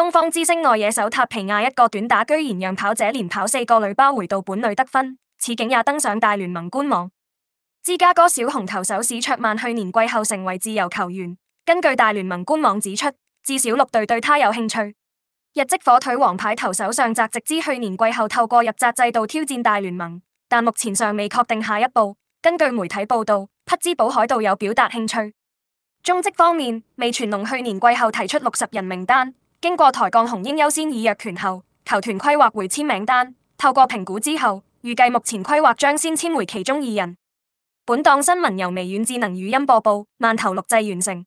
東方之星外野手塔皮亞一個短打，居然讓跑者連跑四個壘包回到本壘得分，此景也登上大聯盟官網。芝加哥小熊投手史卓曼去年季後成為自由球員，根據大聯盟官網指出，至少六隊對他有興趣。日職火腿王牌投手上澤直之去年季後透過入札制度挑戰大聯盟，但目前尚未確定下一步。根據媒體報道，匹茲堡海盜有表達興趣。中職方面，味全龍去年季後提出六十人名單。經過抬降紅英優先議約權後，球團規劃回簽名單，透過評估之後，預計目前規劃將先簽回其中二人。本檔新聞由微軟智能語音播報，萬頭錄製完成。